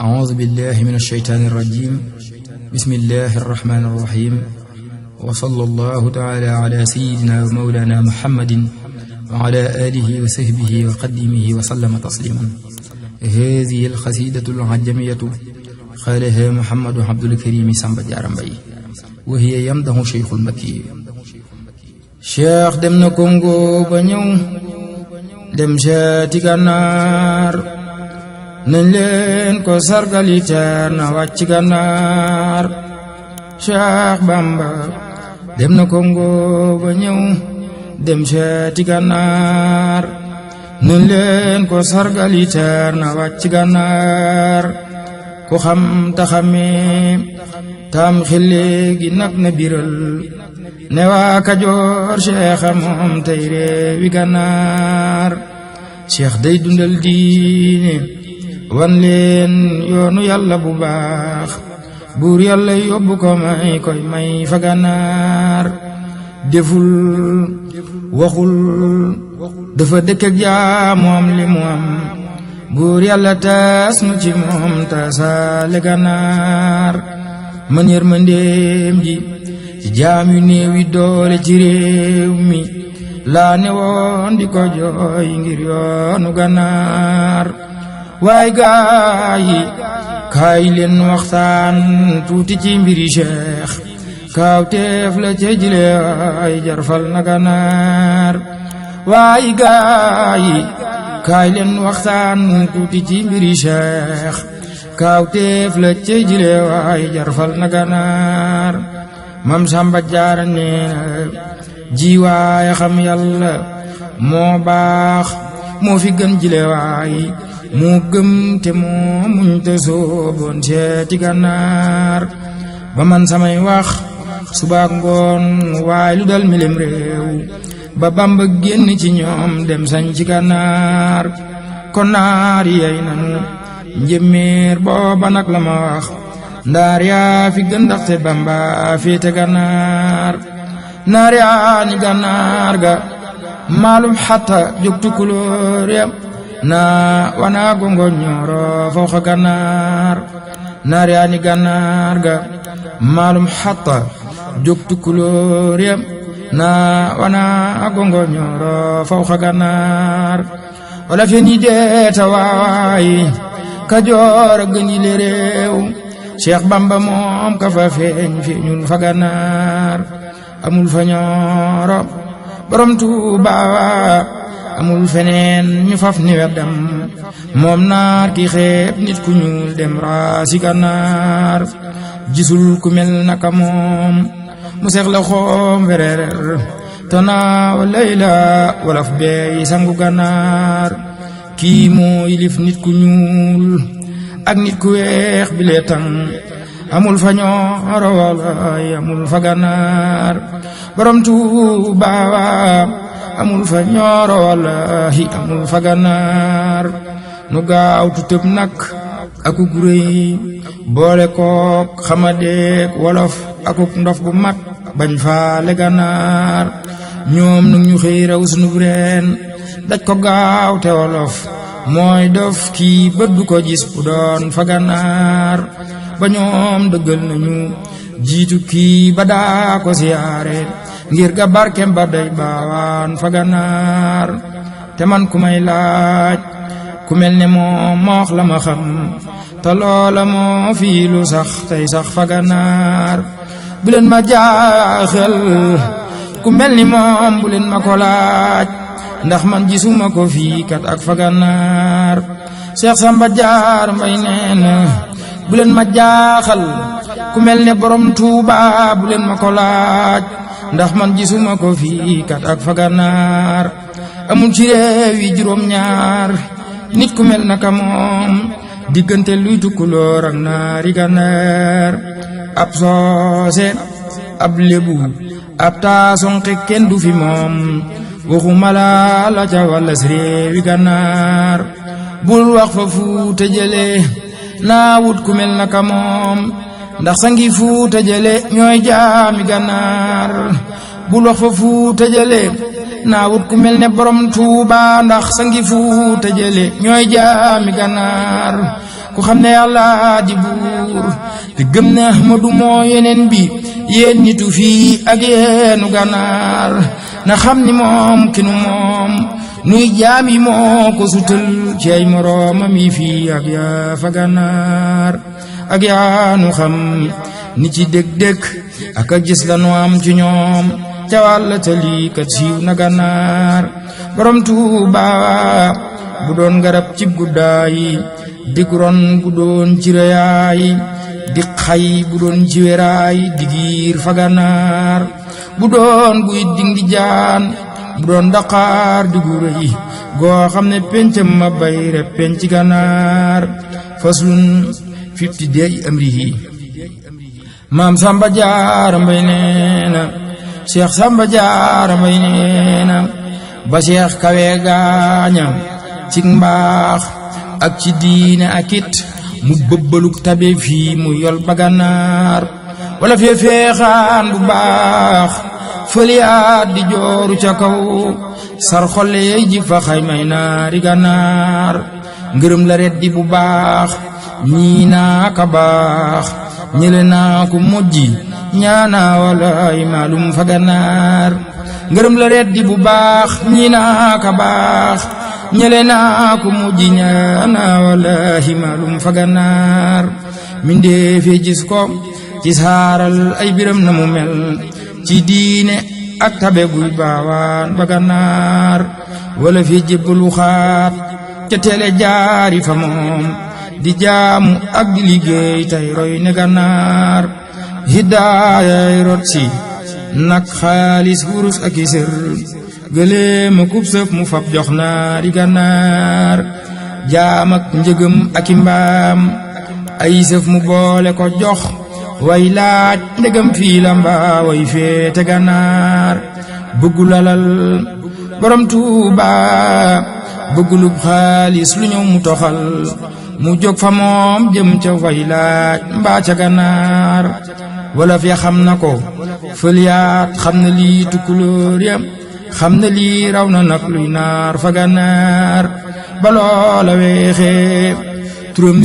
أعوذ بالله من الشيطان الرجيم بسم الله الرحمن الرحيم وصلى الله تعالى على سيدنا ومولانا محمد وعلى آله وصحبه وقدمه وسلم تسليما هذه القصيدة العجمية قالها محمد عبد الكريم سمبد عرمبي وهي يمده شيخ المكي cheikh dem na Congo ba ñëw dem seeti Gànnaar nañ leen ko sargali teer na wàcc gànnaar Cheikh Bamba dem na Congo ba ñëw dem seeti gànnaar nañ leen ko sargali teer na wàcc gànnaar ku xam taxamee taam xilli gi nag biral ne waa Kajoor Cheikh moom tey réewi gànnaar Cheikh day dundal diine wan leen yoonu yàlla bu baax buur yàlla yóbbu ko may koy may fa gànnaar deful waxul dafa dëkk ak jaamu am li am buur yàlla taas nu ci moom taasaale gànnaar man yërmandeem ji ci jaam yu néew yi doole ci réew mi laa ne woon di ko jooy ngir yoonu gànnaar waay gaayi kaay leen waxtaan tuuti ci mbiri Cheikh kaawteef la ca jile waay jarfal na ganaar waay gaayi kaay leen waxtaan tuuti ci mbiri Cheikh kaawteef la ca jile waay jarfal na ganaar mam Samba Jaara nee na xam yàlla moo baax moo fi gën jile waay mu gëm te moo muñ te sooboon seeti gànnaar ba man samay wax subaak ngoon waay lu dal milim réew ba bamba génn ci ñoom dem sañ ci gànnaar kon naar yey nanu njëmmiir booba nag la ma wax ndaar yaa fi gën ndaxte bamba féete gànnaar naar yaa ni gànnaar ga maalum xatta jóg tukkulóor ya na wana gongo ñooro fooxa gannaar naar yaa ni ga maalum xatta jóg tukkulóor ya na wana gongo ñooro fooxa gannaar wala feni deeta waawaay kajoor a gëni le réew Bamba moom ka fa feeñ feeñul fa gannaar amul fa ñooro borom Tuubaa amul feneen ñu faf ni weddam moom naar ki xeeb nit ku ñuul dem raasi gànnaar gisul ku mel naka moom mu seex la xoom wereer tanaaw layla walaf beey sangu gànnaar kii moo yilif nit ku ñuul ak nit ku weex bi lee amul fa ñooro walaay amul fa gànnaar borom Tuubaa amul fa ñooro wallaahi amul fa ganaar nu gaawtu tëb nag akuk réy boole kook xamadeek wolof aku ndof gu mat bañ faale ganaar ñoom nag ñu xëy raw sunu reen daj ko gaaw te wolof mooy dof kii bëgg ko gis bu doon fa ganaar ba ñoom dëggal nañu jiitu kii ba daa ngir ga barkem ba doy baawaan fa te man ku may laaj ku mel ne moo moox la ma xam te loola moo fii sax tey sax fa ganaar ma jaaxal ku mel ni moom bu ma ko laaj ndax man jisuma ko fii kat ak fa ganaar Samba Diar Mbaye nee ma jaaxal ku mel ne borom Touba bu ma ko laaj ndax man gisuma ko fii kat ak faganaar amul ci réew juróom-ñaar nit ku mel naka moom diggante luy tukkulóor ak naari gànnaar ab soose ab lébu ab taasonqe kenn du fi moom waxuma la ca wàllas réewi gànnaar bul wax fa fuuta jële naa wut ku mel naka moom ndax sangi Fuuta Jële ñooy jaami gànnaar bul fa Fuuta Jële naa wut ku mel ne borom Tuuba ndax sangi Fuuta Jële ñooy jaami gànnaar ku xam ne yàlla di buur te gëm ne Ahmadu moo yeneen bi yéen nitu fii ak yéenu gànnaar na xam ni moom ki nu moom nuy jaam moo ko sutal ci ay moroomam yi fii yaa fa gànnaar ak yaanu xam ni ci dég-dég ak a gis lanu am ci ñoom ca wàll tali kat siiw na gànnaar borom tuuba bu doon garab cib guddaay dig bu doon ci reyaay dig xay bu doon ci weraay digiir fa gànnaar bu doon guy dindi jaan bu doon daqaar digu rëy goo xam ne péncam ma bay rek penc gànnaar faslun fi maam Samba Jaara Mbay nee Samba Jaara Mbay ba Cheikh kawe gaaña mbaax ak ci diine ak mu bëbbaluk tabe fii mu yol ba gànnaar wala fee feexaan bu baax fëliyaat di jooru ca kaw sar xolle ji fa xaymay naari gànnaar ngërëm la reddi bu baax ñii ka baax ñële naa ko mujji ñaana walaay maalum fa ganaar ngërëm la reddi bu baax ñii ka baax ñële naa mujji ñaana walaay maalum fa ganaar mindee fi gis ci saaral ay biram na mu mel ci diine ak tabe guy baawaan ba gànnaar wala fi jébbalu xaat ca teele jaari fa moom di jaamu ak di liggéey tey roy ne gànnaar hidaayay rot nag xaalis wurus ak i sër gëléem ak sëf mu fab jox naa di gànnaar jaam ak njëgëm i mbaam ay sëf mu boole ko jox way laaj ndegam fii la mbaa way féete gànnaar bëggu lalal borom tuuba bëggulub xaalis lu ñëw mu toxal mu jóg fa moom jëm ca waylaaj mbaa ca ganaar wolof ya xam na ko fëliyaat xam na lii tukkulóor ya xam na lii raw na nag luy naar fa ganaar ba loola weexee turam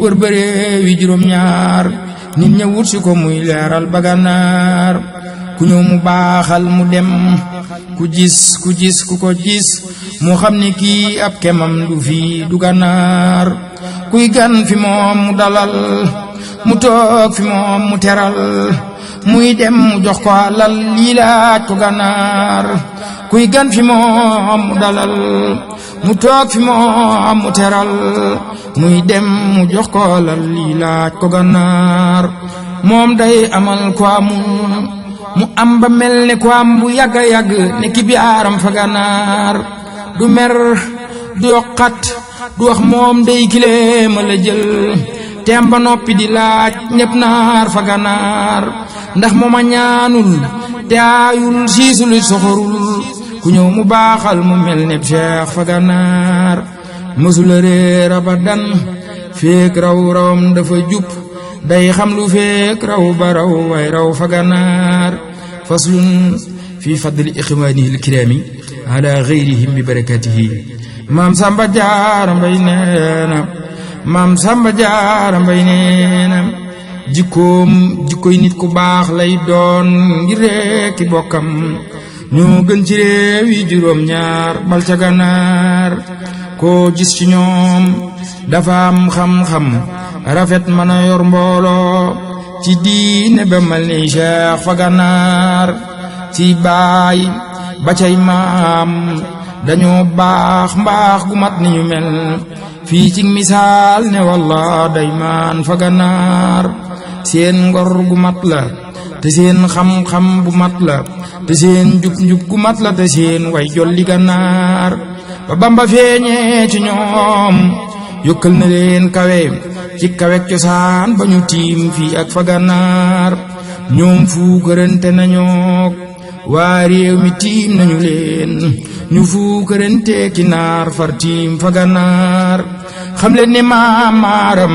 wër bëree wi ñaar nit ña wut si ko muy leeral ba ganaar ku ñëw mu baaxal mu dem ku gis ku gis ku ko gis mu xam ni kii ab kemam du fi du gànnaar kuy gan fi moom mu dalal mu toog fi moom mu teral muy dem mu jox ko alal lii laaj ko gànnaar kuy gan fi moom mu dalal mu toog fi moom mu teral muy dem mu jox ko alal lii laaj ko gànnaar moom day amal ko amul mu am ba mel ni ko am bu yàgg a yàgg ne ki bi aaram fa gànnaar du mer du yokkat du wax moom day kilee ma la jël teem ba noppi di laaj ñëpp naar fa gànnaar ndax moom a ñaanul te aayul siisuli soxorul ku ñëw mu baaxal mu mel ne Cheikh fa gànnaar mësula réer abadan feek raw rawam dafa jub day xam lu feek raw ba raw way raw fa faslun fi fadli ixwaanihi alkiraami ala xayrihim bi maam Samba Jaara Mbay na maam Samba Jaara Mbay jikkoom jikkoy nit ku baax lay doon ngir rekki bokkam ñoo gën ci réew yi juróom ñaar bal ca gànnaar gis ci ñoom dafa am xam-xam rafet mën yor mbooloo ci diine ba mel ni Cheikh Faganaar ci baay ba cay maam dañoo baax mbaax gu mat ni ñu mel fii ci misaal ne walla day maan Faganaar seen ngor gu mat la te seen xam-xam bu mat la te seen njub-njub gu mat la te seen way jolli Ganaar ba Bamba feeñee ci ñoom yokkal na leen ci kawek cosaan ba ñu tiim fii ak fa gànnaar ñoom fuukarante nañoo waa réew mi tiim nañu leen ñu fuukarante ki naar far tiim fa gànnaar xam leen ne maam maaram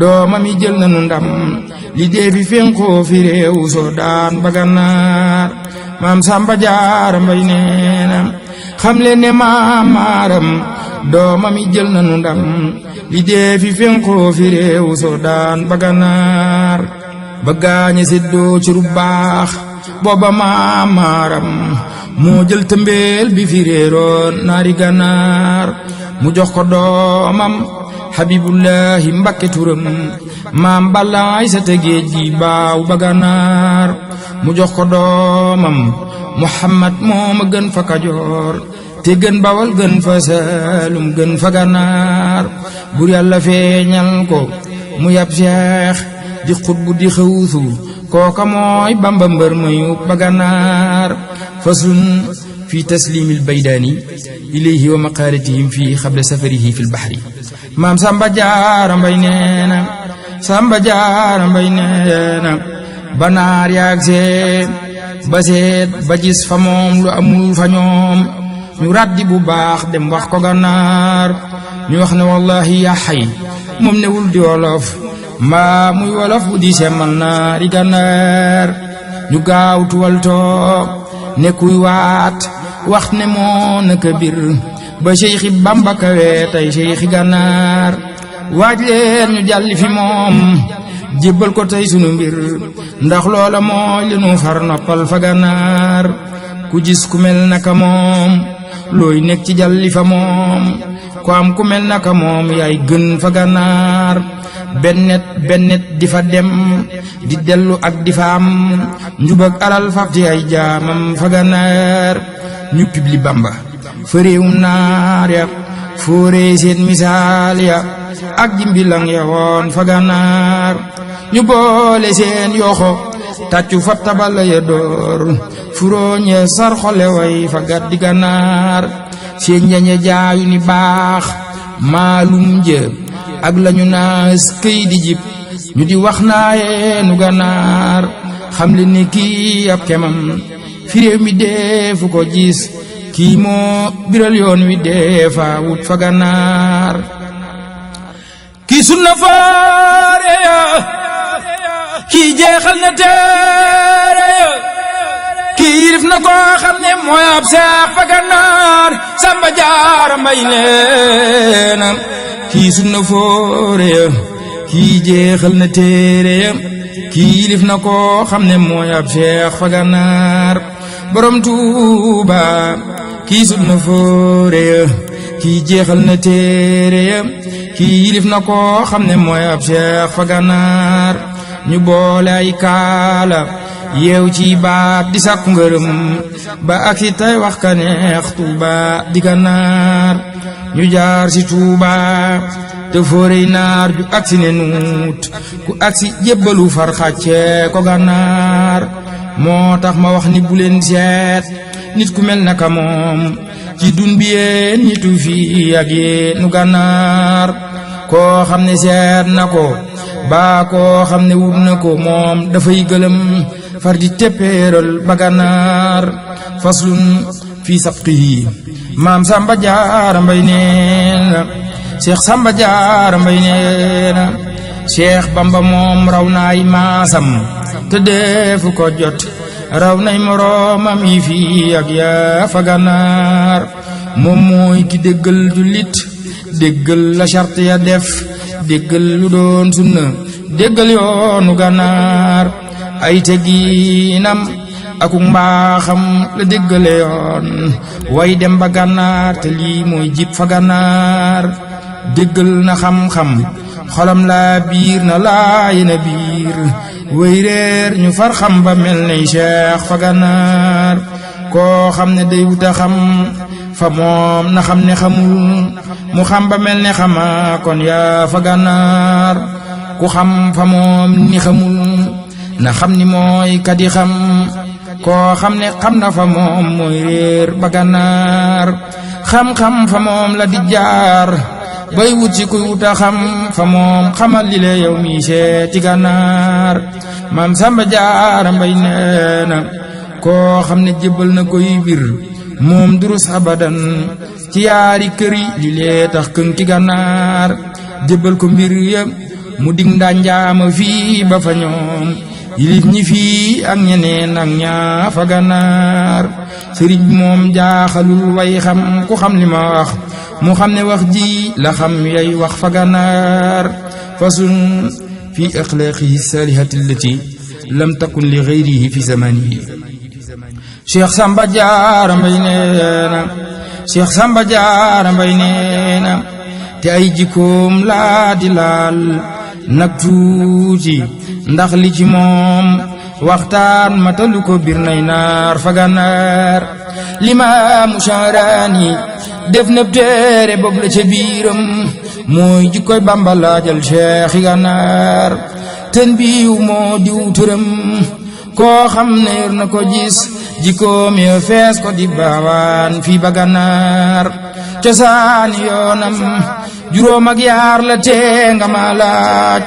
doomam yi jël nañu ndam li fenkoo fi réew soo ba gànnaar maam Samba Jaara Mbay xam leen ne maamaaram doomam yi jël nañu ndam li dee fi fenkoo fi réewu Sodaan ba Ganaar ba gaañe séddoo ci lu baax booba maamaaram moo jël tëmbeel bi fi réeroon naari Ganaar mu jox ko doomam Habibullahi Mbakke turam maam balaay sa tëgéej gi baaw ba Ganaar mu jox ko doomam muhammad mooma gën fa kajoor te gën bawal gën fa saalum gën fa ganaar bur yàlla feeñal ko mu yab seex di xut bu di xëwusu kooka mooy bamba mbër mayu ba ganaar faslun fi taslimil baydaani ilayhi wa maqaaratihim fi xable safarihi fi lbahri maam samba jaara neena samba jaara neena ba naar yaag see ba seet ba gis fa moom lu amul fa ñoom ñu raddi bu baax dem wax ko gànnaar ñu wax ne wallahi yaa moom newul di wolof mbaa muy wolof bu di semmal naar yi gànnaar ñu gaaw tuwal toog ne kuy waat wax ne moo naka bir ba seyxi bamba kawe seyxi gànnaar waaj leen ñu jàlli fi moom jibbal ko tey sunu mbir ndax loola mooy li far noppal fa gànnaar ku gis ku mel naka moom looy nekk ci jàlli fa moom ku am ku mel naka moom yaay gën fa gànnaar bennet bennet di fa dem di dellu ak di fa am njubag alal faf ci ay jaamam fa gànnaar ñu publi bamba fa naar ya fooree seen misaal ya ak jimbilang ya woon fa gànnaar ñu boole seen yoxo tàccu fab tabala ya door furóoñe sar fa gat di gànnaar seen njañe jaayu ni baax maalum jë ak lañu naas këy di jib ñu di wax naaye nu xam le kii ab kemam fi réew mi deefu ko gis kii moo biral yoon wi dee fa wut fa gànnaar ki sunna faare ya kii jeexal na teere kii yirif na koo xam ne mooy fa gannaar samba jaara mbay leena kii sunna foore ya kii jeexal na teere kii yilif na koo xam ne mooy fa gannaar borom tuuba kii sunna foore ya kii jeexal na teere kii yilif na koo xam ne mooy ab seex fa gànnaar ñu boole ay kaala yeew ci baat di sàkku ngërëm ba ak si tey wax ka neex di gànnaar ñu jaar si tuuba te fóorey naar ju ak ne nuut ku ak jébbalu far xàccee ko gànnaar moo tax ma wax ni bu leen seet nit ku mel naka moom ci dun bi yéen ñitu fii ak yéenu gànnaar koo xam ne seet na ko baa koo xam ne wut na ko moom dafay gëlëm far di teppeeral ba gànnaar faslun fii sabqihi maam samba jaara mbay neena cheikh samba jaara mbay neena cheikh bamba moom raw naay maasam te defu ko jot raw nay moroomam yi fii ak yaa fa moom mooy ki déggal jullit déggal la charte ya def déggal lu doon sunna déggal yoonu gànnaar ay teginam akuk mbaaxam la déggale yoon way dem ba gànnaar te lii mooy jib fa gànnaar déggal na xam-xam xolam laa biir na laaye na biir way ñu far xam ba mel nay cheikh fa gànnaar koo xam ne day wuta xam fa moom na xam ne xamul mu xam ba mel ne xama kon yaa fa gànnaar ku xam fa moom ni xamul na xam ni mooy kadi xam koo xam ne xam na fa moom mooy réer ba gànnaar xam-xam fa moom la di jaar bay wut ci kuy wuta xam fa moom xamal li le yow mi seeti gànnaar maam samba jaara mbay nee na koo xam ne jébbal na koy bir moom durus abadan ci yaari këri li lee tax këng ci gànnaar jébbal ko mbir yëpp mu dig ndanjaama fii ba fa ñoom yilif ñi fii ak ñeneen ak ñaa fa gànnaar sëriñ moom jaaxalul way xam ku xam li ma wax mu xam ne wax ji la xam yay wax fa gànnaar fasun fi ixlaaqihi salihati allati lam takun li gayrihi fi zamanihi Cheikh Samba Diarra Mbaye nee na te ay jikkoom laa laal nag tuuti ndax ci moom waxtaan matalu ko bir naar fa gànnaar limaamu Sharaani def na téere boobu mooy jikkoy Bàmba laajal Cheikh yi biiw moo diw koo xam ne na ko gis jikkoom ya fees ko di baawaan ba gànnaar cosaani yoonam juróom ak yaar la tee nga ma laaj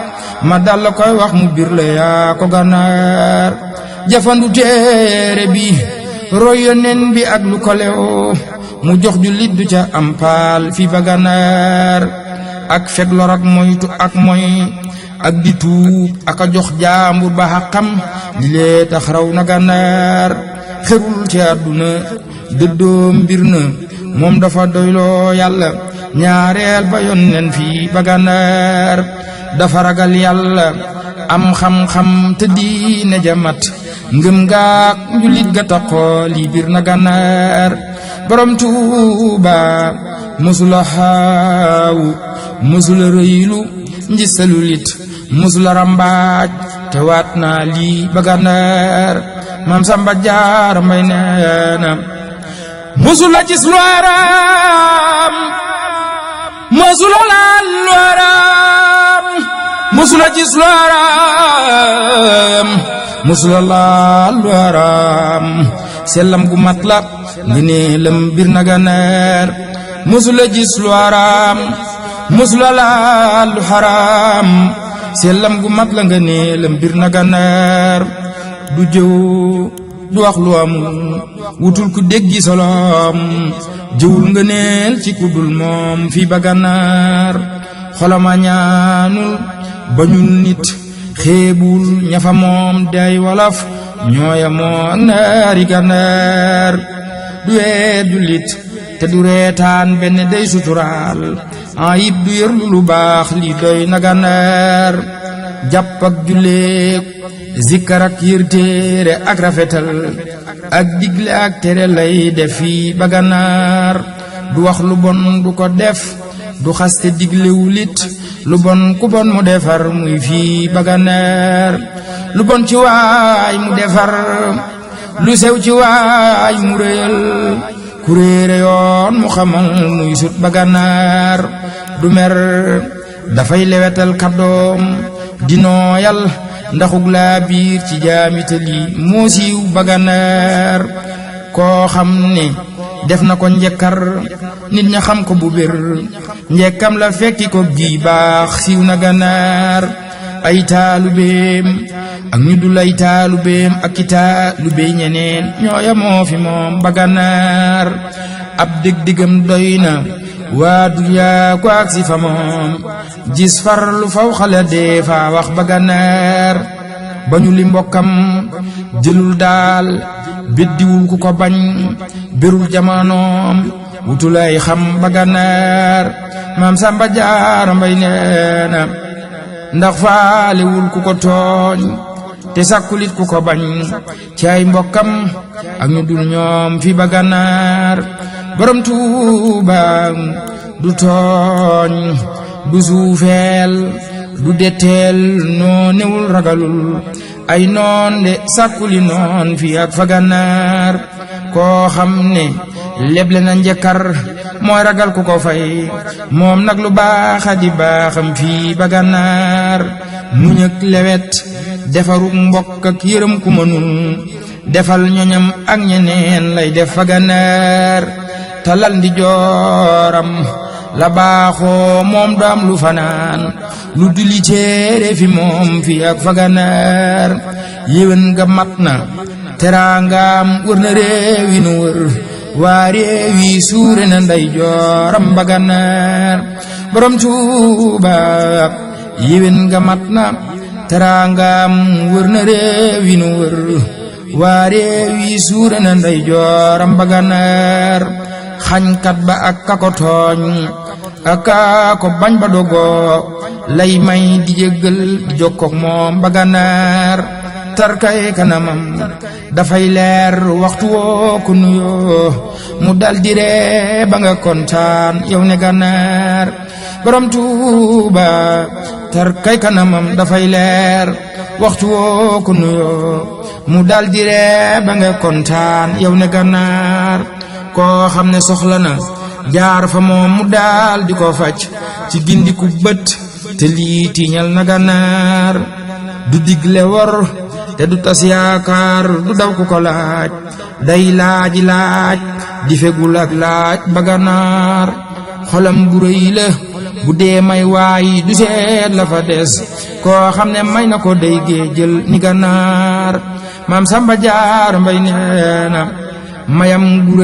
ma dal koy wax mu bir la yaa ko gànnaar jafandu téere bi roy yonen bi ak lu mu jox jullit du ca am paal fii ba gànnaar ak fekk lor ak moytu ak moy ak di ak a jox jaambur ba xaqam li lee tax raw na gànnaar xërul ci àdduna dëddoo mbir na moom dafa doyloo yàlla ñaareel ba yoon nen fii ba gànnaar dafa ragal yàlla am xam-xam te diine jamat ngëm gaak njulit ga taxoo biir na gànnaar borom tuuba mosula xaawu mosula rëylu njisalulit mosula rambaaj te waat naa lii ba maam Samba Jaara Mbay nee na musula lu araam musula laal lu araam musula gis lu araam musula laal lu araam sellam gu mat la ngi nii lëm bir na ganeer musula gis lu araam musula laal lu araam sellam gu mat la nga nii lëm bir na du jëw du wax lu am wutul ku déggi solom jëwul nga ci ku moom fi ba gànnaar xolama ñaanul bañul nit xeebul ñafa moom day walaf ñooya moo ak naari gànnaar du weer jullit te du reetaan benn day suturaal en yib du yërlu lu baax li doy na gànnaar jàpp ak julleek zikkar ak yërtéere ak rafetal ak digle ak tere lay def fii ba gànnaar du wax lu bon du ko def du xaste diglewulit lu bon ku bon mu defar muy fii ba lu bon ci waay mu defar lu sew ci waay mu réyal ku yoon mu xamal muy sut ba du mer dafay lewetal kàddoom di nooyal ndaxug laa biir ci jaamitali moo siiw baganaar koo xam ne def na ko njëkkar nit ña xam ko bu bér la fekki ko gi baax siiw na ganaar ay taalubeem ak ñu dul ay taalubeem ak i taalubey ñeneen ñooya moo fi moom baganaar ab dëg-digam doy na waa duniyaa ku agsi fa moom gis farlu faw xale dee fa wax ba gànnaar ba li mbokkam jëlul daal biddiwul ku ko bañ berul jamaanoom wutulay xam ba gànnaar maam Samba Jaara Mbay nee na ndax faalewul ku ko tooñ te sàkkulit ku ko bañ ci mbokkam ak ñu dul ñoom fi ba borom tuuba du tooñ du suufeel du deteel noo newul ragalul ay noon de sàkkuli noon fi ak fa gànnaar koo xam ne leble na njëkkar mooy ragal ko ko fay moom nag lu baaxa di baaxam fii ba gànnaar muñ ak lewet defaruk mbokk ak yërëm ku mënul defal ñoñam ak ñeneen lay def fa gànnaar talal ndi jooram la baaxoo moom daam lu fanaan lu duli ceere fi moom fi ak faganaar yéwén nga mat na teraangaam wër na réewi wër waa réew suure na nday jooram ba gànnaar borom Tuuba yéwén nga mat na teraangaam wër na réew wër waa réew suure na nday jooram ba gànnaar xañkat ba ak ka ko tooñ ak ko bañ ba dogoo lay may di jéggal di jokkoog moom ba gànnaar tarkay kanamam dafay leer waxtu woo ko nuyoo mu dal di ree ba kontaan yow ne gànnaar borom tuuba tarkay kanamam dafay leer waxtu woo ko nuyoo mu dal di ree ba kontaan yow ne gànnaar koo xam ne soxla na jaar fa moom mu daal di ko faj ci gindiku bët te lii tiiñal na ganaar du digle wor te du tas yaakaar du daw ku ko laaj day laaji laaj di fegul laaj ba ganaar xolam bu la bu dee may waayi du seet la fa des koo xam ne may na ko day gee jël ni ganaar maam samba jaar mbay nee mayam bu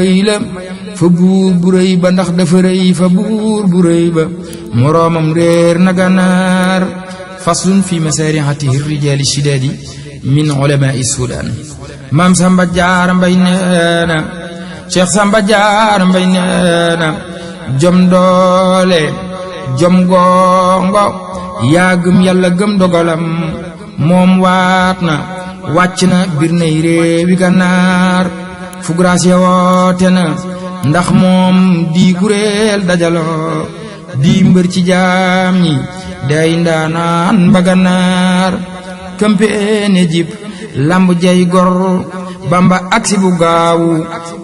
fa buur bu ndax dafa rëy fa buur bu rëy réer na gànnaar faslun fi masarihati rijaali shidaadi min ulamaai sudaan maam Samba Jaara Mbay nee na Cheikh Samba Jaara Mbay nee na jom doole jom gongo yaa gëm yàlla gëm dogalam moom waat na wàcc na bir nay réewi gànnaar fu grace woote na ndax moom di kuréel dajaloo di mbër ci jaam ñi day ndaanaan baganaar këmpeene jib lamb jay gor bamba aksi bu gaawu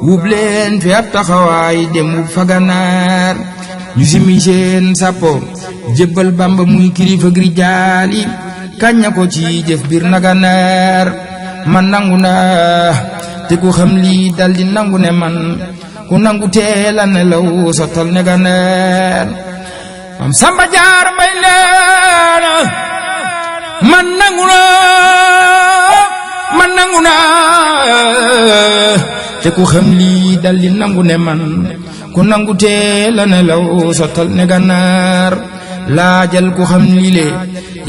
wub leen fi ab taxawaay dem wub faganaar ñu simi seen sàppo bamba muy kilifa gri jaali kaña ko ci jëf biir naganaar man nangu na te ku xam lii nangu ne man ku nangu teel a nelaw sottal man nangu man nangu na te ku xam lii nangu ne man ku nangu teel a sottal ne ga naar laajal ku xam le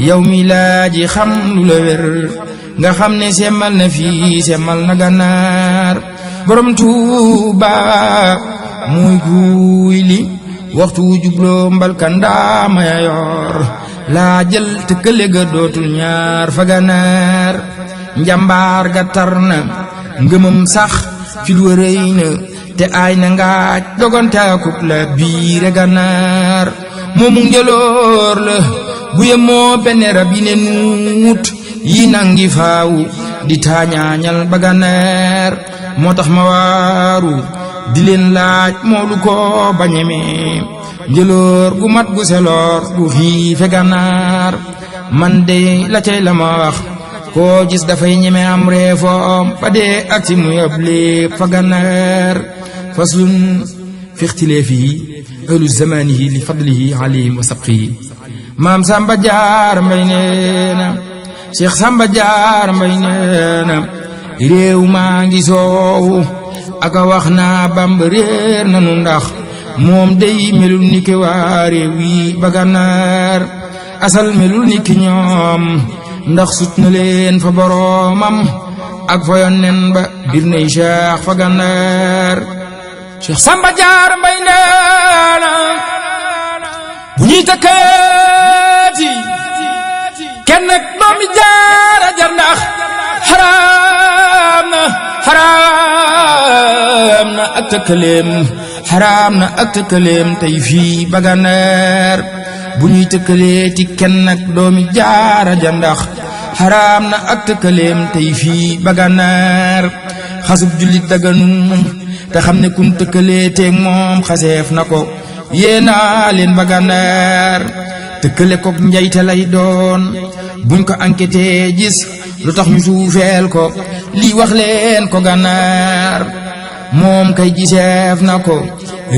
yow mi laaji xam nga xam ne semmal na fii semmal na gànnaar borom tuuba muy guuy li waxtu wu jubloo mbalkandaama ya yor laa jël te ga dootul ñaar fa gànnaar njàmbaar ga tar na ngëmam sax fi lu rëy na te aay na ngaaj dogante akub la biire gànnaar moomu njëloor la bu yemoo benn rab yi ne nuut yi nangi faaw di taañaañal baganeer moo tax ma waaru di leen laaj moo lu ko bañeme njëloor gu mat gu seloor gu fii feganaar man de la cay la ma wax koo gis dafay ñeme am reefoom ba dee ak si mu yab lépp faganaar faslun fi ixtilaafi ahlu zamanihi li fadlihi alayhim wa sabqihi maam Samba Jaar Mbay nee Cheikh Samba Diarra Mbaye nee na réew maa ngi soowu ak a wax naa Bamba réer ndax moom day melul ni ki waa réew ba gànnaar asal melul ni ki ñoom ndax sut na leen fa boroomam ak fa yonneen ba bir nay Cheikh fa gànnaar Cheikh Samba Diarra Mbaye nee na bu ñuy tëkkaati doomi jaara xaraam na xaraam na ak tëkkaleem xaraam na ak tëkkaleem tey fii baganeer bu ñuy tëkkalee kenn ak doomi jaara jar ndax xaraam na ak tëkkaleem tey fii baganeer xasub jullit daganu te xam ne kum tëkkalee moom xaseef na ko yéenaa leen baganeer tëkkale koog njayte lay doon buñ ko enquêté gis lu tax ñu suufeel ko lii wax ko gànnaar moom kay giseef na ko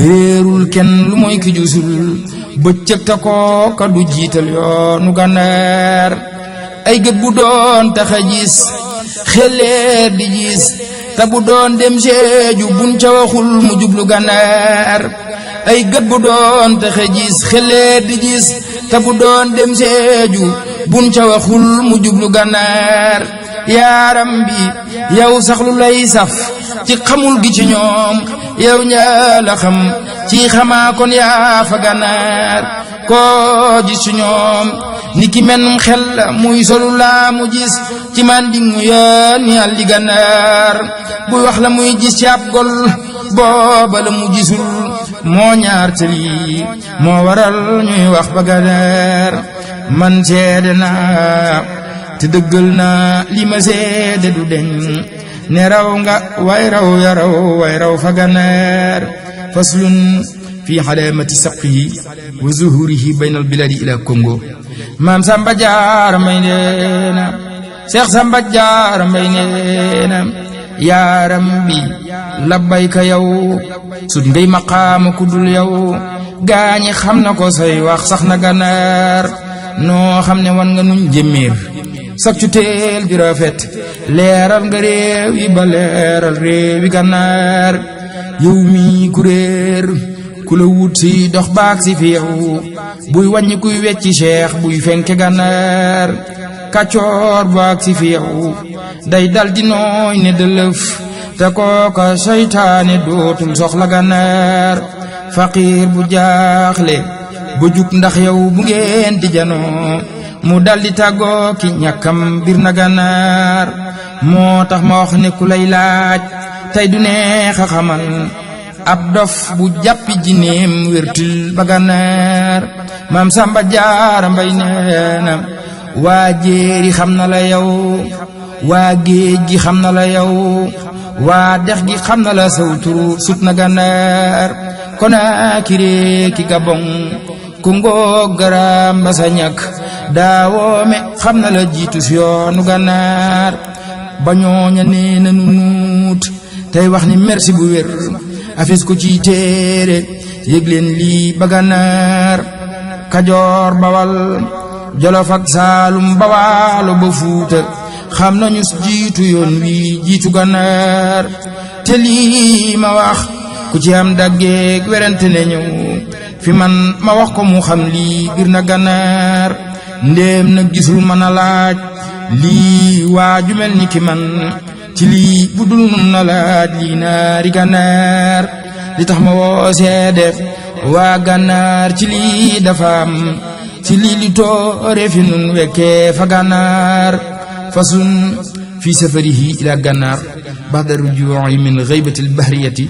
réerul kenn lu mooy ki jusul bëccëg ta kooka du jiital yoonu gànnaar ay gët bu doon tax a xeleer di gis te bu doon dem seeju buñ ca waxul mu jublu gànnaar ay gët bu doon tax a xeleer di gis te bu doon dem seeju buñ ca waxul mu jublu gànnaar yaaram bi yow sax lu ci xamul gi ci ñoom yow ñaa la ci xamaa kon yaa koo gis ci ñoom ni ki men xel muy solu laa mu gis ci man di mu yeen ni àlli buy wax la muy gis ci ab gol booba mu gisul moo ñaar tali moo waral ñuy wax ba gànnaar man seede naa te dëggal naa li ma seede du deñ ne raw nga way raw ya raw way fa ganaar faslun fi xalamati saqi wa zuhurihi bayna albiladi ila Congo maam Samba Jaara Mbay neena Seex Samba Jaara Mbay neena yaaram bi labbayka yow sut ngay maqaama ku dul yow gaañi xam na ko say wax sax na ganaar noo xam ne wan nga nuñ jëmmiir sak cu teel di rafet leeral nga réew yi ba leeral réew yi gànnaar yow mi kuréer ku la wut si dox baak si fi buy wàññi kuy wecci cheikh buy fenke gànnaar kàccoor baak si fi day dal di nooy ne dëlëf te kooka seytaane dootul soxla gànnaar faqiir bu jaaxle ba jug ndax yow bu ngeen di mu daldi tàggoo ki ñàkkam bir na gànnaar moo tax ma wax ne lay laaj tey du neex a ab dof bu jàppi jineem wértil ba gànnaar maam Samba Jaara Mbay waa jéeri xam na la yow waa géej gi xam na la yow waa dex gi xam na la sawturu sut na gànnaar Konaakiri ki Gabon ku ngoog garaam ba sa daawoome xam na la jiitu fi yoonu gànnaar ba ñooña nee na nu nuut tey wax ni merci bu wér afis ku ciy téere yëg leen lii ba gànnaar kajoor bawal jolof ak saalum bawaalo ba fuuta xam nañu jiitu yoon wi jiitu gànnaar te lii ma wax ku ci am daggeeg werante ne ñëw fi man ma wax ko mu xam lii bir na gànnaar ndéem nag gisul mën a laaj lii waa ju mel ni ki man ci lii bu dul nun na laaj lii naari gànnaar li tax ma woo seede waa gànnaar ci lii dafa am ci lii li toore fi nun wekkee fa gànnaar fasun fi safarihi ila gànnaar baxda rujuu'i min xaybati albahriyati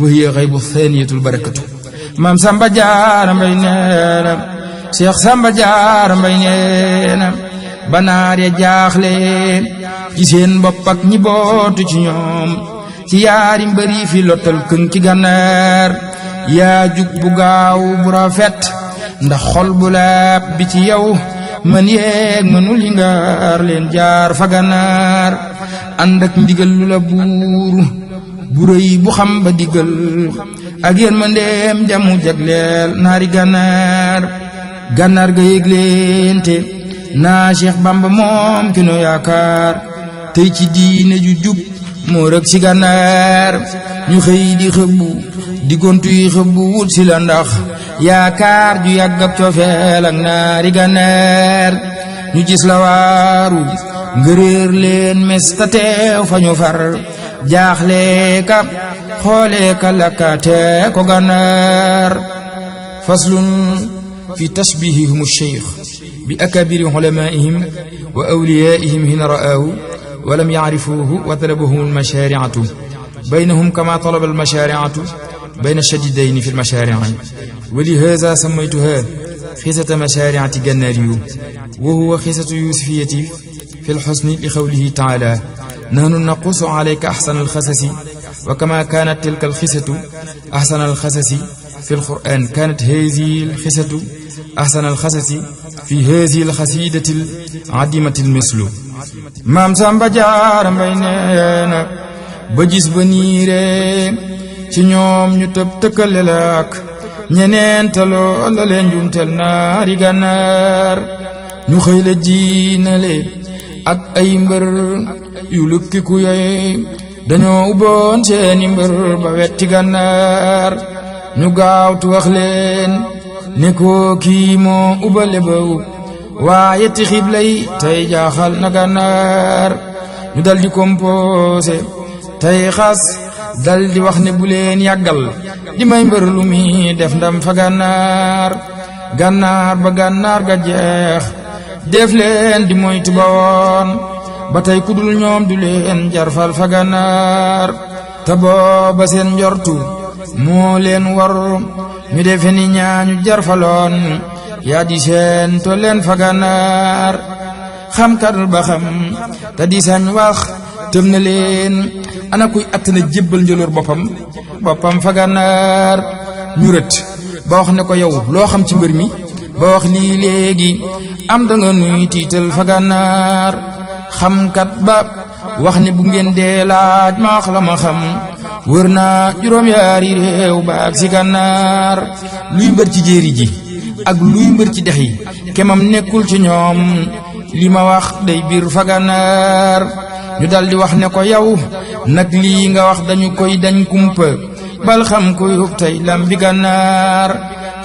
wa hiya xaybu thaniyatu albarakatu maam Samba Jaara Mbay neena Cheikh Samba Jaara neena banaar ya jaaxle ci seen bopp ak ñi ci ñoom ci yaari mbëri fi lottal këng ci gànnaar yaa jug bu gaaw bu rafet ndax xol bu laab bi ci yow man yeeg mënul yi ngaar leen jaar fa gànnaar ànd ak ndigal lu la buur bu rëy bu xam ba diggal ak yërmandeem jamu jagleel naari gànnaar gànnaar ga yëg leente naa Cheikh Bamba moom ki nu yaakaar tey ci diine ju jub moo rëkk si gànnaar ñu xëy di xëbbu di yi xëbbu wut si la ndax yaakaar ju yàgg ak naari gànnaar ñu gis la waaru ngëréer mes ta fa ñu far jaaxle ka xoolee ka lakkate ko gànnaar faslun fi tashbihihum ash-shaykh bi akabiri ulamaihim wa awliyaihim hina ra'aahu wa lam ya'rifuuhu wa talabahum al-mashaari'atu baynahum kama talaba al-mashaari'atu bayna ash-shadiidayni fi al-mashaari'i wa lihaadha sammaytu haadha xisata mashaari'ati gannaar yu wa huwa xisatu yuusufiyati fi al-husni li qawlihi ta'aala nahnu naqusu alayka axsana alxasasi wa kama kaanat tilka alxisatu axsana alxasasi fi alquran kaanat hazihi alxisatu axsana alxasasi fi hazihi alxasidati aladimati almislu maam Samba Jaara Mbay nee na ba gis ba niiree ci ñoom ñu tëb tëkkale la ak ñeneen te loola leen jumtal naari gànnaar ñu xëy la jiinale ak ay mbër yu lukkiku yooyu dañoo ubboon seeni mbër ba wetti gànnaar ñu gaawtu wax leen ne koo kii moo ubale baw waaye ti xibla yi tey jaaxal na gànnaar ñu daldi di composé tey xas dal wax ne bu leen yàggal di may mbër lu mi def ndam fa gànnaar gànnaar ba gànnaar ga jeex def leen di moytu ba woon ba tey ku dul ñoom du leen jar fal fa gànnaar te booba seen njortu moo leen war ñu defe ni ñaañu jar yaa di seen leen fa gànnaar xam kadul ba xam te di sañ wax tëm na leen ana kuy attana jébbal njëloor boppam boppam fa gànnaar ñu rët ba wax ne ko yow loo xam ci mbër mi ba wax lii léegi am da nuy tiital fa xamkat ba wax ne bu ngeen dee laaj ma wax la ma xam wër naa juróom-yaari réew ba si gànnaar luy mbër ci jéeri ji ak luy mbër ci dex yi kemam nekkul ci ñoom li ma wax day biir fa gànnaar ñu daldi wax ne ko yow nag lii nga wax dañu koy dañ kumpa bal xam ko yóbbu tey lam bi gànnaar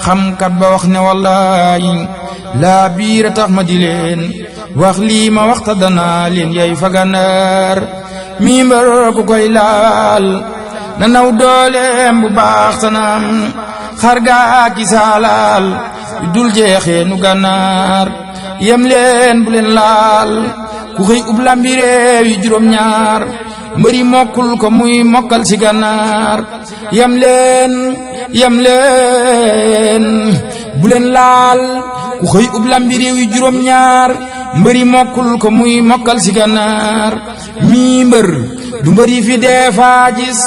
xamkat ba wax ne wallaayi laa biira tax ma di leen wax lii ma waxta dana leen yey fa gànnaar mi mbër ku koy laal na naw dooleem bu baax tanam xar gaa ki saalaal dul jeexee nu gànnaar yem leen bu leen laal ku xëy ub lambi réew yi juróom-ñaar mbëri mokkul ko muy mokkal si gànnaar yem leen yem leen bu leen laal ku xëy ub lambi réew juróom-ñaar yi mokkul ko muy mokkal si gànnaar mii mbër du mbër yi fi deefaa gis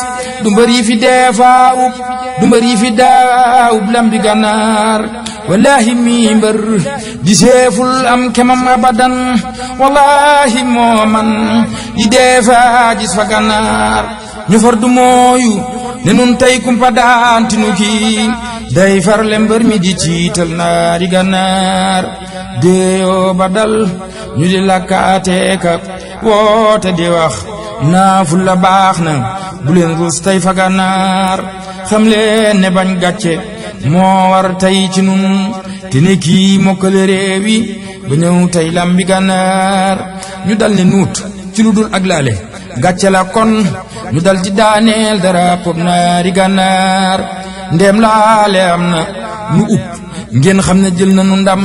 du mbër yi fi deefaa ub du mbër yi fi daa ub lam wallahi mii di seeful am kemam abadan wallahi moo yi deefaa gis fa gànnaar ñu far du mooyu ne nun tey kumpa daantinu kii day farle mbër mi di ciital naari gànnaar déeyoo ba dal ñu di lakkaateeka woote di wax naaful la baax na bu leen rus tey fa gànnaar xam leen ne gàcce moo war tey ci nun te ne kii mokkale réew yi ba ñëw tey lam bi ñu dal ne nuut ci lu dul ak laale gàcce la kon ñu dal di daaneel dara pop naari gànnaar ndéem laale am na nu upp ngeen xam ne jël nañu ndam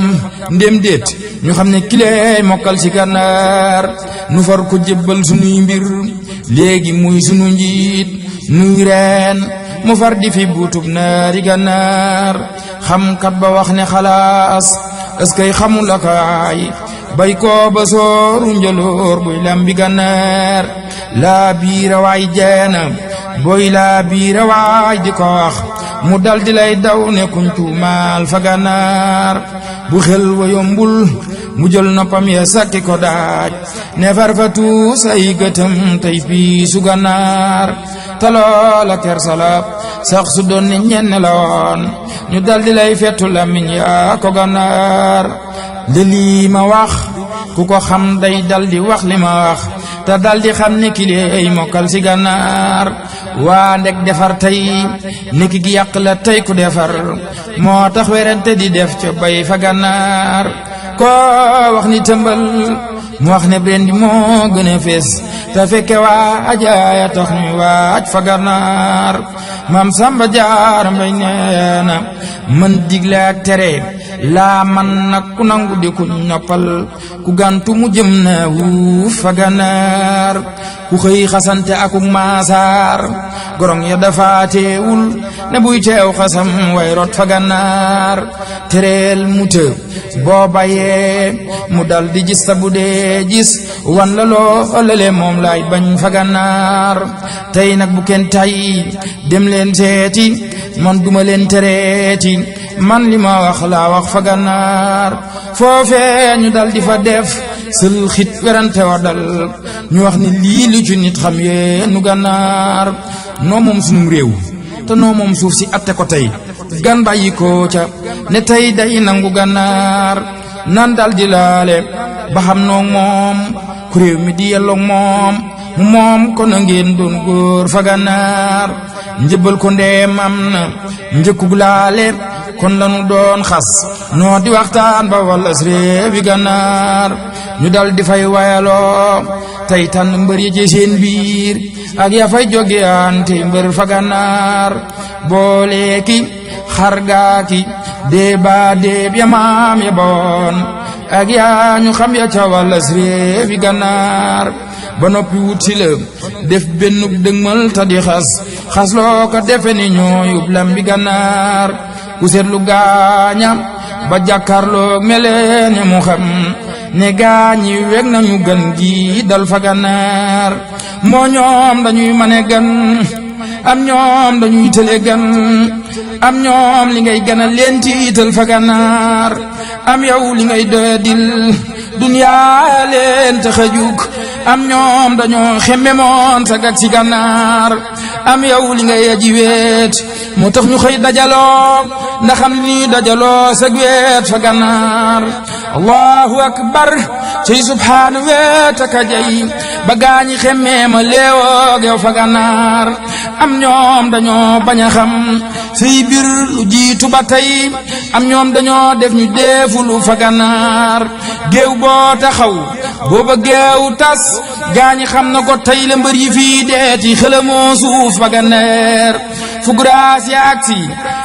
ndéem déet ñu xam ne kilee mokkal si gànnaar nu far ko jébbal sunuy mbir léegi muy sunu njiit nuy reen mu far di fi buutub naari gànnaar xamkat ba wax ne xalaas ëskay xamul akaay bay ko ba sooru njëloor buy lambi gànnaar laa biira waay jeena boy laa biira waay di ko wax mu dal lay daw ne kuñ tuumaal fa gànnaar bu wa yombul mu jël noppam ya sàkki ko daaj ne far fa tuus ay gëtam tey fii su gànnaar te loola la sax su doon ni ñenn la woon ñu dal di lay fettu làmmiñ yaa ko gànnaar li ma wax ku ko xam day dal wax li ma wax te dal di xam ni kile ay mokkal si gànnaar waa ndek defar tey niki gi yàq la tey ku defar moo tax werante di def ca bay fa gànnaar koo wax ni tëmbal mu wax ne benn moo gën a fees te fekke waa ajaaya tax ñuy waaj fa gànnaar maam Samba Jaar Mbay nee na mën digle tere laa man nag ku nangu di ku noppal ku gantu mu jëm na wuuf ku xëy xasante akuk maasaar gorong ya dafa teewul ne buy teew xasam way rot tereel mu të boo bayee mu dal di gis sa bu wan la loo ëllëlee moom laay bañ fa ganaar nag bu kenn tay dem leen seeti man duma leen tereeti man li ma wax laa wax fa gànnaar foofee ñu dal di fa def sël xit werante wa dal ñu wax ni lii lu nit xam yee nu gànnaar noo moom sunum réew te noo moom suuf si atte ko tey gan bàyyi ko ca ne tey day nangu gànnaar nan dal di laale ba xam noog moom ku réew mi di yelloog moom mu moom kon a doon góor fa gànnaar njëbbal ko ndeem am na njëkkug laale kon lanu doon xas noo di waxtaan ba walla réew yi gannaar ñu dal di fay wayaloo tey tànn mbër yi ci seen biir ak ya fay jogeyaan tey mbër fa gannaar boole ki xargaa ki déeba ya maam ya bawoon ak ñu xam ya ca wàllas réew yi gannaar ba noppi wut si la def benn dëgmal ta xas xas loo ko defe ni ñooy ublam bi ku seetlu gaaña ba jàkkaarloo melee ni mu xam ne gaañi weg nañu gën gi dal fa gànnaar moo ñoom dañuy mane gan am ñoom dañuy tële gan am ñoom li ngay gën a leen tiital fa gànnaar am yow li ngay doyadil dunyaa leen tax a jug am ñoom dañoo xemme moon sa gag ci gànnaar am yow li ngay aji moo tax ñu xëy dajaloo nda xam ni dajaloo sag weet fa gannaar allahu akbar ciy subhaan weet ak ajay ba gaañi xemmee ma léewoog yow fa gannaar am ñoom dañoo bañ a xam say bir jiitu ba tey am ñoom dañoo def ñu deefulu fa gannaar géew boo taxaw booba géew tas gaañi xam na ko tey la mbër yi fii deeti xëlamoo suuf fa gannaar fu guraas yi ak si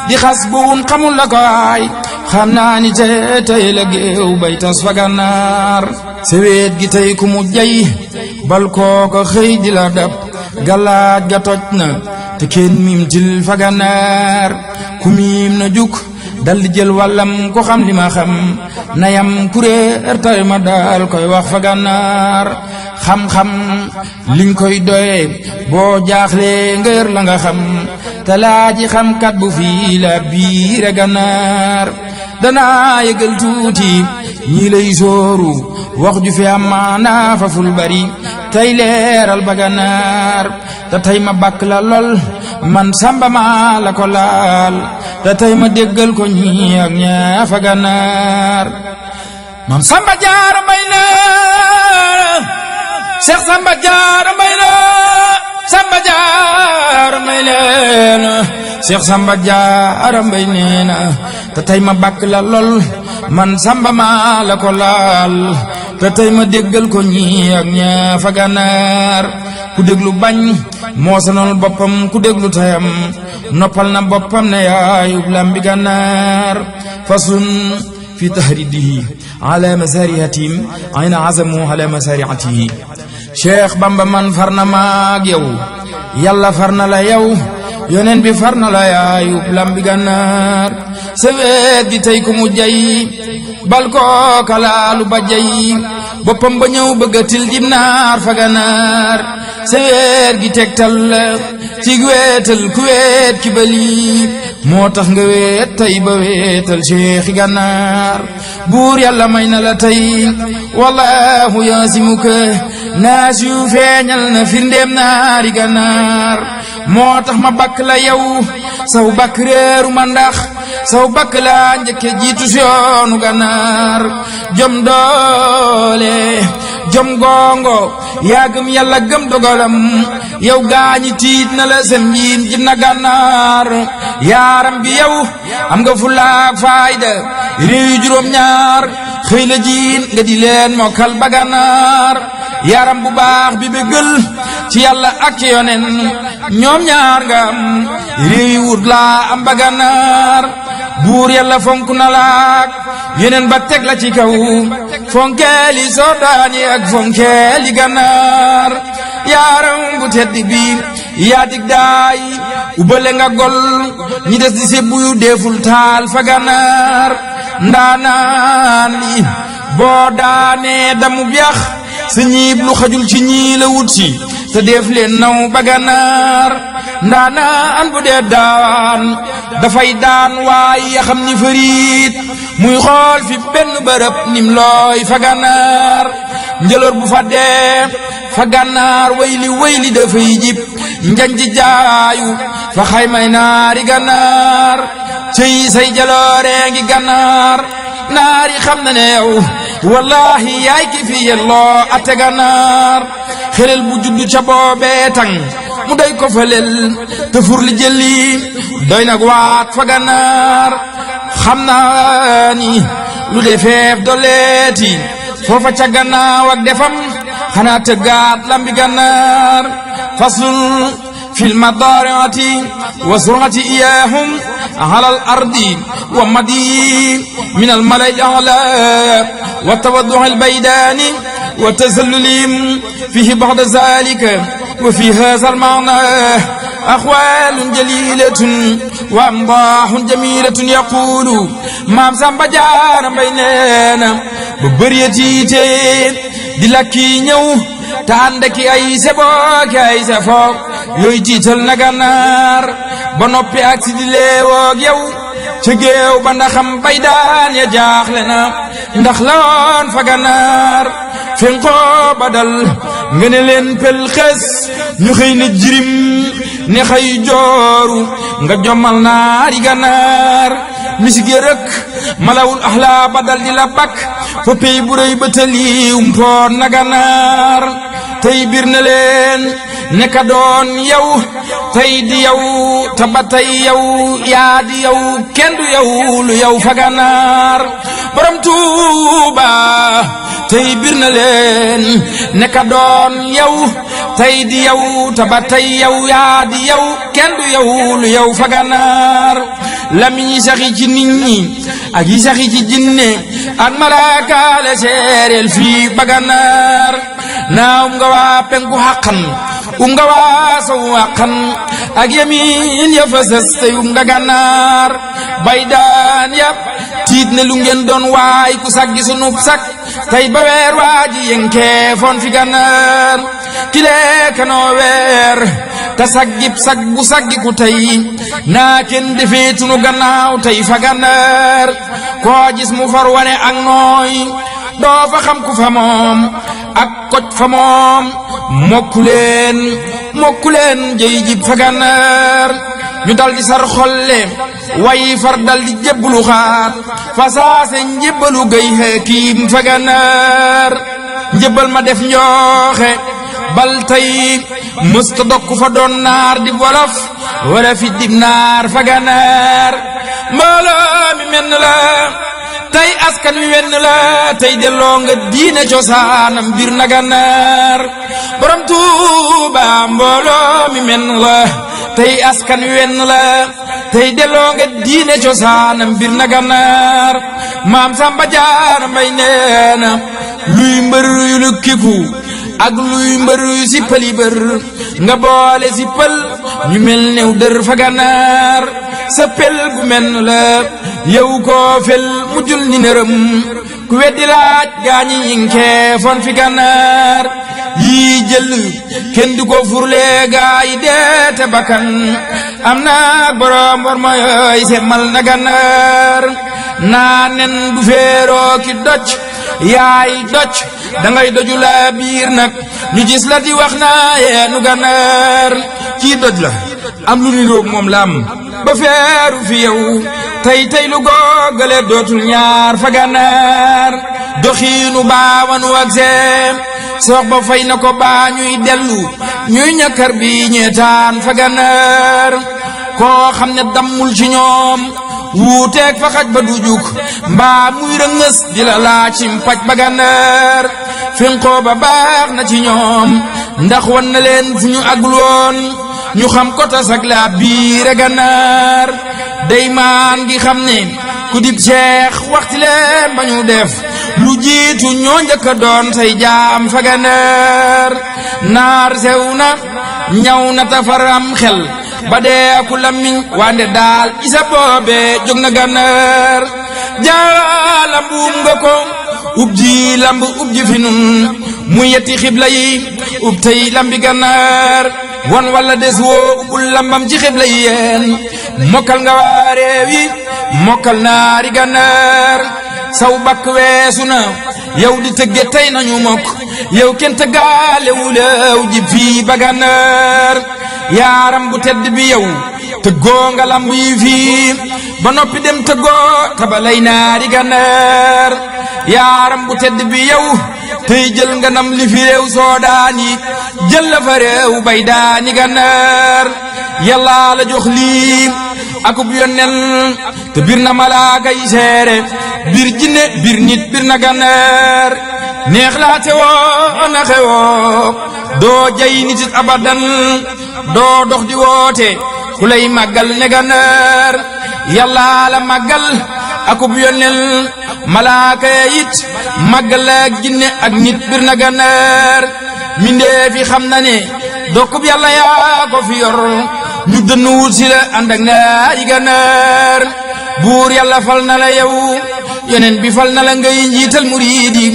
di xas buum xamul la ko ay xam naa tey tey la géew bay tas fa gànnaar sewet gi tey ku mu jay bal kooko xëy di la dab galaaj ga toj na te kenn miim til fa gànnaar ku miim na juk dal jël wàllam ku xam li xam nayam kurée er tay ma daal koy wax fa gànnaar xam-xam liñ koy doye boo jaaxle nga yor la nga xam te xamkat bu fii la biire gànnaar danaa yëgal tuuti ñii lay sóoru wax ju fi am maanaa fa bari tey leeral ba gànnaar te tey ma bàkk la lool man samba maa la ko laal te tey ma déggal ko ñii ak ñaa fa gànnaar samba jaara may na samba jaara may samba jaara may na Cheikh samba la lool man samba maa la ko laal te tey ma déggal ko ñii ak ñaa fa ku déglu bañ moo sanal boppam ku déglu tayam noppal na boppam ne yaayub lambi gànnaar fasun fi tahridihi ala masarihatim ayna azamu ala masarihatihi cheikh bamba man far na maag yow yàlla far la yow yoneen bi far la yaayub lambi gànnaar sa weet di tey ku mu ba jay boppam ba ñëw bëgga til jibnaar fa ganaar seweer gi tegtal la ci weetal ku weet ki baliib moo tax nga weet tey ba weetal seexi ganaar buur yàlla may na la tey wallahu yaasimuka yu feeñal na firndeem naari ganaar moo tax ma bakk la yow saw bakk réeru ma ndax saw bakk laa njëkke jiitu si yoonu ganaar jom doole jom gongo yaa gëm yàlla gëm dogalam yow gaañi tiit na la sem yiin ji na yaaram bi yow am nga fulaak fayda réew yu ñaar xëy jiin nga di leen mokkal ba gànnaar yaram bu baax bi bëggal ci yàlla ak ci yonen ñoom ñaar nga am réew yi wut laa am ba gànnaar buur yàlla fonk na laak yeneen ba teg la ci kaw fonkeel yi soodaan yi ak fonkeel gànnaar yaaram bu tedd bi yaatig daay ubale nga gol ñi des di sébbu yu deeful taal fa gànnaar ndaanaan li boo daanee damu byax sa ñiib lu xajul ci ñii la wut si te def leen naw baganaar ndaanaan bu dee daan dafay daan waaye xam ni fariit muy xool fi benn bërëb nim looy fa ganaar njëloor bu fa dee fa ganaar wayli wayli dafay jib njañ ji jaayu fa xaymay naari ganaar cëy say jalooree ngi ganaar naari xam na ne wallaahi yaay ki fi yelloo ate ganaar xelel bu juddu ca boobee tang mu doy ko fëlel te fur jëli doy nag waat fa ganaar xam naa lu defeef doleeti foofa ca gannaaw ak defam xanaa tëggaat lambi ganaar faslun fil madaariati wa surati iyaahum على الأرض ومدين من الملأ الأعلى وتوضع البيدان وتسللهم فيه بعد ذلك وفي هذا المعنى أخوال جليلة وأمضاح جميلة يقول maam Samba Jaara Mbay nee na ba bëri tiite di lakki ñëw te ànd ki ay seboo ki ay sefoo yooyu jiital na gànnaar ba noppi ak si di leewoo ak yow ca ba ndaxam bay daan ya jaaxle na ndax lawoon fa gànnaar finqoo ba dal nga ne leen pel xes ñu xëy ne jirim ne xëy jooru nga jommal naari ganaar misige rëkk malawul axlaa ba dal di la bakk fa pey bu rëy ba taliw mpoor na ganaar tey bir na leen neka doon yow tey di yow te ba yow yaa di yow kenn du yow lu yow fa borom tuuba tey bir na leen doon yow tey di yow te ba yow yaa di yow kenn du yow lu yow fa ganaar lamiñ yi saxi ci nit ñi ak ci jinne ak malaakaale seereel fii ba naawum nga waa penku um nga waasow wàqan ak yamin ya fasas tey um nga bay daan yàpp tiit ne lu doon waay ku sàggi sunub sàkk tey ba weer waa ji yënkee fi gànnaar kilee kanoo weer te saggib sag bu saggiku tey naa kenn defeetunu gannaaw tey fa gànnaar koo mu far wane ak doo fa xam ku fa moom ak koj fa moom mokku leen mokku leen jëy ji faganaar ñu dal di sar xolle way far dal di jébbalu xaat fasaase njébbalu gay hakiim faganaar njébbal ma def njooxe bal tey mësta dokk fa doon naar di wolof wala dib naar faganaar mbooloo mi menn la tey askan wi wenn la tey delloo nga diine cosaanam biir naganaar borom tuuba mbooloo mi la tey askan wi wenn la tey delloo nga diine cosaanam biir naganaar maam Samba Jaar Mbay luy mbër yu lukkiku ak luy mbër yu si pëli bër nga boole si ñu mel new dër fa ganaar sa pel gu la yow koo fel mujjul ni nërëm ku weddi gaañi yinkee fon fi gànnaar yii jël kenn du ko furle gaay deete bakkan am naag borom bor mooy semmal na gànnaar naa nen du feeroo ki doj yaay doj dangay doju la nag ñu gis la di wax naa yeenu gànnaar kii doj la am lu ni roog moom laam ba feeru fi yow tey tey lu googale dootul ñaar fa gànnaar doxiinu baawan wak soox ba fay na ko baa ñuy dellu ñuy ñakkar bi ñeetaan fa gànnaar koo xam ne dammul ci ñoom wuuteeg fa xaj ba du mbaa muy rëngës di la laaj ci mpaj ba gànnaar finqoo ba baax na ci ñoom ndax wan leen fu ñu agul ñu xam ko tasak la biire ganaar day maan gi xam ne ku dib seex waxti leen def lu jiitu ñoo njëkk a doon say jaam fa ganaar naar sew na ñaw na tafaram xel ba dee aku lamiñ wande daal isa boobe jóg na ganaar jaala buum nga ko ubji lamb ubji fi nun mu yetti xibla yi ub tey lambi gannaar wan walla des woo ubul lambam ci xibla yi mokkal nga waa réew yi mokkal naari gannaar saw bakk weesu na yow di tëgge tey nañu mokk yow kenn tëggaale wu leew ji fii ba gannaar yaaram bu tedd bi yow tëggoo nga lamb ba noppi dem tëggoo tabalay naari gannaar yaaram bu tedd bi yow tey jël nga nam li fi réew soodaan jël la fa réew bay daani gànnaar yàllaa akub yonneen te bir malaaka yi seere bir jinne bir nit bir na gànnaar neex na xewoo doo jay abadan doo dox di woote ku lay màggal ne gànnaar yàllaa la akub yónneel malaaka ya it màggal ak jinne ak nit bir na gànnaar mindee xam na ne dokkub yàlla yaa ko fi yor ñu dënnu wut ak naari gànnaar buur yàlla fal na la yow yeneen bi fal nala ngay njiital murid yi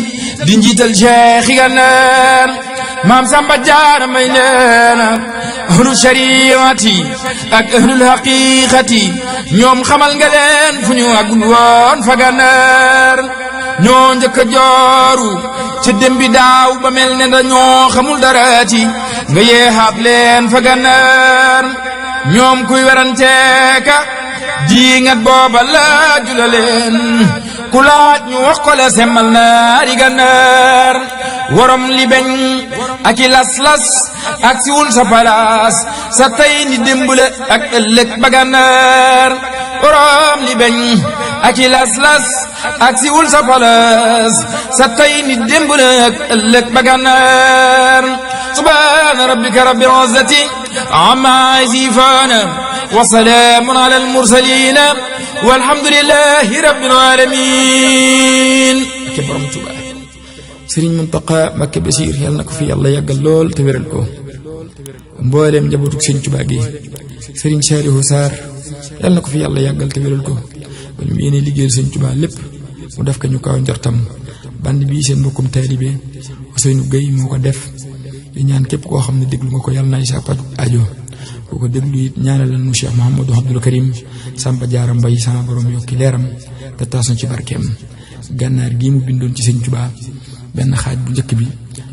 di njiital cheikh yi maam Samba Jaara Mbay nee ahlul shariati ak ahlul haqiqati ñoom xamal nga leen fu ñu àggul woon fa gànnaar ñoo njëkk jooru ca dem bi ba mel ne dañoo xamul daraati nga yeexaat leen fa gànnaar ñoom kuy weranteeka diingat booba la leen ku laaj ñu wax ko la semmal naari gànnaar worom li beñ ak i las-las ak siwul sa palaas sa tey ni démbule ak ëllëg baganaar worom li beñ ak i las-las ak siwul sa palaas sa tey ni démbule ak ëllëg baganaar subhaana rabbika rabbil izzati ammaa yasifuun wa salaamun alal mursaliin walhamdulillaahi rabbil aalamiin sëriñ Muntaqa Mbakke Basiir yàlla na ko fi yàlla yàggal lool te wéral ko mbooleem njabootu sëriñ Tuubaa gi sëriñ Saalihu Saar yàlla na ko fi yàlla yàggal te wéral ko ba ñu yéene liggéeyal sëriñ Tuubaa lépp mu def ko ñu kaw njortam band bii seen mbokkum taalibe Ousseynou Gueye moo ko def di ñaan képp koo xam ne déglu nga ko yàlla na sa paj ajo boo ko déglu it ñaanal nu Cheikh Mouhamadou Abdoul Karim Samba Diarra Mbaye sama borom yokki leeram te taasoon ci barkeem gànnaar gii mu bindoon ci benn xaaj bu njëkk bi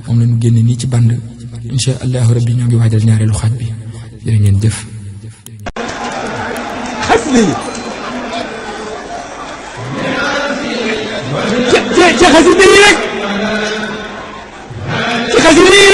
moom la ñu génne nii ci band incha allahu rabbi ñoo ngi waajal ñaareelu xaaj bi jërë ngeen jëf. xas